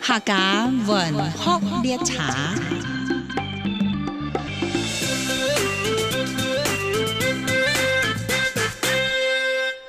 客家文學調查。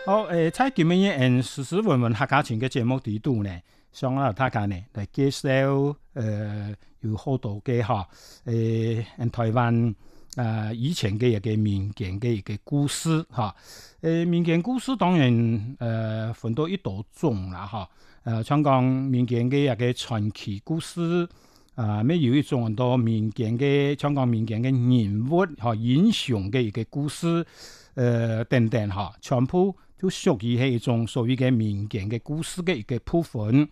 好，誒、呃，蔡局們，誒，實時問問客家情嘅節目地度呢？上啊，大家呢來介紹，誒、呃，有好多嘅哈，誒、呃，台灣啊、呃，以前嘅一個民間嘅一個故事哈，誒、哦呃，民間故事當然，誒、呃，分到一多種啦哈。呃呃，香港民間嘅一個傳奇故事，啊、呃、咩有一種很多民間嘅香港民間嘅人物嚇，英雄嘅一個故事，誒、呃、等等嚇，全部都屬於係一種屬於嘅民間嘅故事嘅一個部分。誒、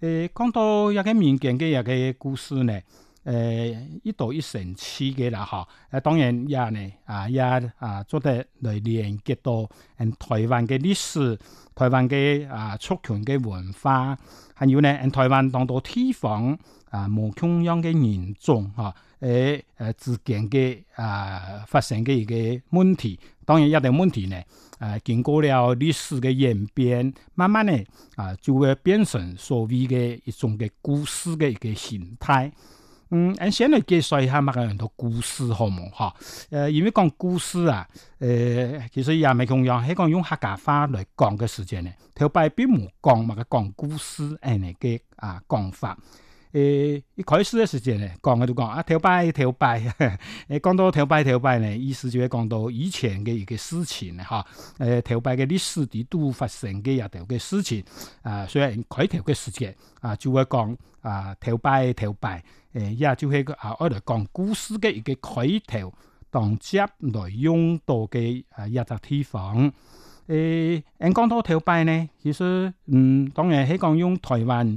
呃，講到一個民間嘅一個故事呢。誒、呃，一度一成次嘅啦，哈、呃、誒，當然也呢，啊，也啊，做得來連接到台灣的歷史、台灣的啊族群的文化，還有呢，台灣當到地方啊，無窮央的民眾吓，誒、啊、誒、呃，之間嘅啊發生嘅一個問題，當然也的問題呢，啊，經過了歷史的演變，慢慢呢，啊就會變成所謂的一種的故事的一個形態。嗯，咁先嚟介紹一下那個樣多故事好唔好？哈，誒，因為講故事啊，誒、呃，其實也唔係重要，係講用客家話嚟講嘅時間咧，頭擺邊冇講乜嘅講故事那個、啊，誒嚟嘅啊講法。誒，一開始嘅時間咧，講嘅就講啊，跳拜跳拜。誒，講到跳拜跳拜咧，意思就會講到以前嘅一個事情啦，啊、調拜嘅歷史地都發生嘅一啲嘅事情。啊，所以佢頭嘅時間啊，就會講啊，跳拜跳拜。誒，也、呃、就係啊，我哋講故事嘅一個開頭，當接來用到嘅一笪地方。講、啊嗯、到跳拜呢，其實嗯，當然係講用台灣。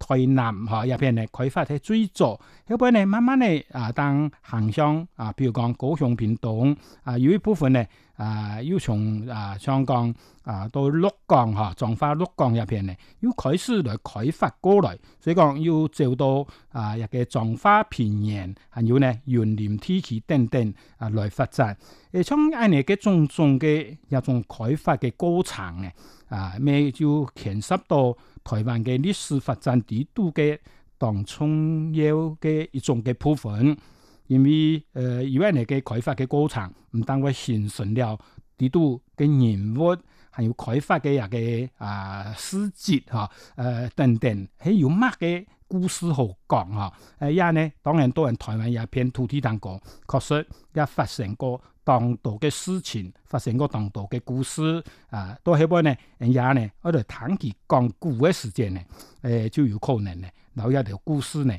台南嚇入邊嚟開發啲最早，一般呢慢慢呢啊，當行商啊，比如講高雄屏東啊，有一部分呢啊，要從啊香港啊到鹿港，哈彰化鹿港入邊呢，要開始來開發過來。所以講要做到啊一個彰化平原，還有呢雲林地區等等啊來發展。誒從我哋嘅種種嘅一種開發嘅過程呢，啊咩要強濕到？台灣嘅歷史發展地圖嘅當重要嘅一種嘅部分，因為呃因為嚟嘅開發嘅過程唔單止形成了地圖嘅人物，還有開發嘅那個啊史跡嚇，誒、呃哦呃、等等，還有乜嘅故事好講嚇、哦，誒、呃、也呢，當然多人台灣也偏土地當中，確實也發生過。當多嘅事情發生過，當多嘅故事啊，到後尾呢，人家呢，喺度談起講古嘅事件呢，誒、呃，就有可能呢，有一條故事呢。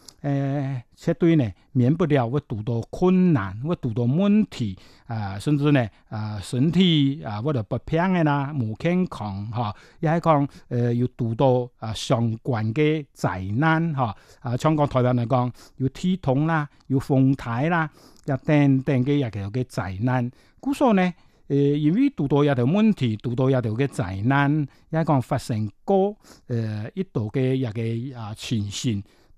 誒、欸，車隊呢免不了會遇到困難，會遇到問題啊、呃，甚至呢啊、呃、身體啊或者不便啊，冇健康吓，亦係講誒要遇到啊、呃、上慣誒災難吓。啊，香港台灣嚟講，要天通啦，要風台啦，又等等誒，一條誒災難。故說呢，誒因為遇到一條問題，遇到一條誒災難，一個發生過誒一度誒一誒啊情形。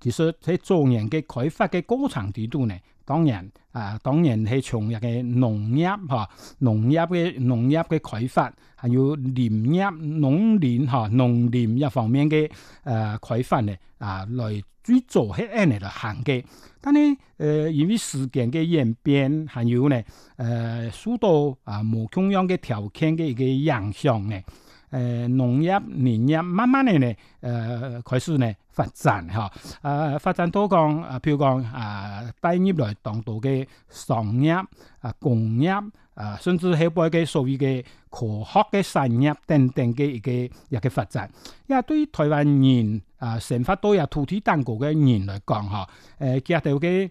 其實喺做人嘅開發嘅過程之中呢，當然啊，當然係從一個農業哈、啊，農業嘅農業嘅開發，還有林業、農林哈、啊、農林一方面嘅誒開發呢，啊，來做喺呢度行嘅。但係誒，由、呃、於時間嘅演變，還有呢，誒、呃，受到啊冇中央嘅條件嘅一個影響呢。誒、呃、農業、漁業慢慢咧咧，誒、呃、開始咧發展嚇，誒、啊、發展多講，啊譬如講，啊低業來當到嘅商業，啊工業，啊甚至係包括嘅屬於嘅科學嘅產業等等嘅一個一個發展。因為對於台灣人啊成發都有土地單個嘅人嚟講嚇，誒、啊，佢哋嘅。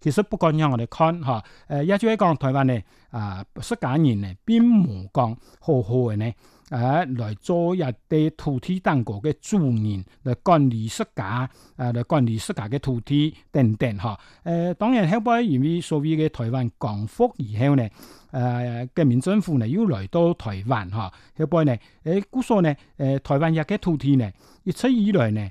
其實，不管讓我哋看嚇，誒、呃、也就係講，台灣呢，啊，識假人呢，並無講好好嘅呢，誒、啊、來做一啲土地當局嘅主人，嚟管理識假，誒、啊、嚟管理識假嘅土地等等嚇。誒、呃、當然後背因為所謂嘅台灣光復以後呢，誒國民政府呢，要嚟到台灣嚇，後背、呃、呢，誒估數呢，誒台灣日嘅土地呢，一直以來呢。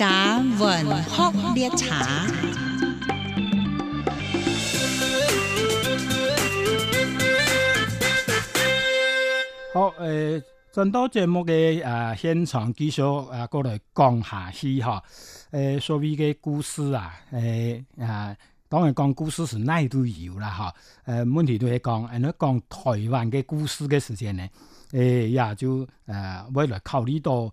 文鶴茶。好，誒、呃，真多節目嘅誒、呃、現場記者啊，過嚟講下戲哈。誒、呃，所謂嘅故事啊，誒、呃、啊，當然講故事是哪裏都有啦哈。誒、啊，問題都係講，誒、呃，講台灣嘅故事嘅時間呢？誒、呃，也就誒，為、呃、了考慮到。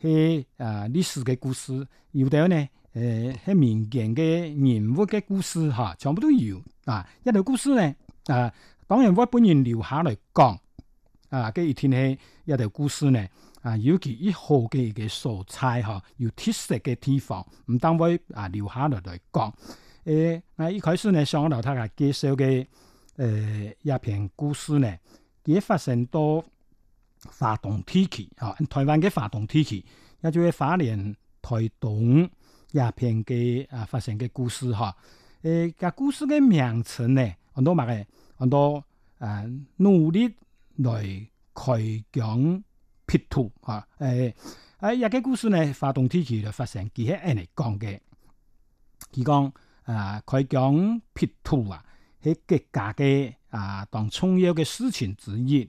喺啊，歷史嘅故事，有啲呢？誒、呃，喺民間嘅人物嘅故事吓，全部都有啊。一條故事呢？啊，當然我本人留下來講，啊，今一天氣一條故事呢？啊，尤其以後嘅嘅素材哈、啊、有特色嘅地方，唔單會啊留下來來講，誒，啊，一開始呢，上個頭頭介紹嘅誒一篇故事呢，佢發生到。花東地區啊，台灣嘅花東地區也就咗花蓮台東廿篇嘅啊發生嘅故事哈。誒、呃，個故事嘅名稱呢，好多埋嘅，好多啊、呃、努力來開疆辟土啊。誒，啊，一、呃、個、啊、故事呢，花東地區就發生講，而且係嚟講嘅，佢講啊，佢講辟土啊，係、那、國、個、家嘅啊，當重要嘅事情之一。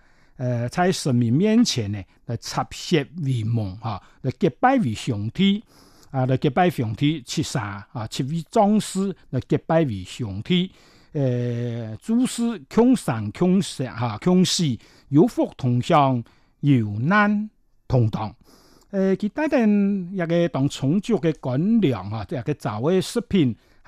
呃，在神明面前咧，嚟插血為盟嚇，嚟結拜為兄弟啊，嚟結拜兄弟七殺啊，七位壯士嚟結拜為兄弟。呃諸事強善強善嚇，強事有福同享，有難同當。呃其他嘅一個充足嘅乾糧嚇，食品。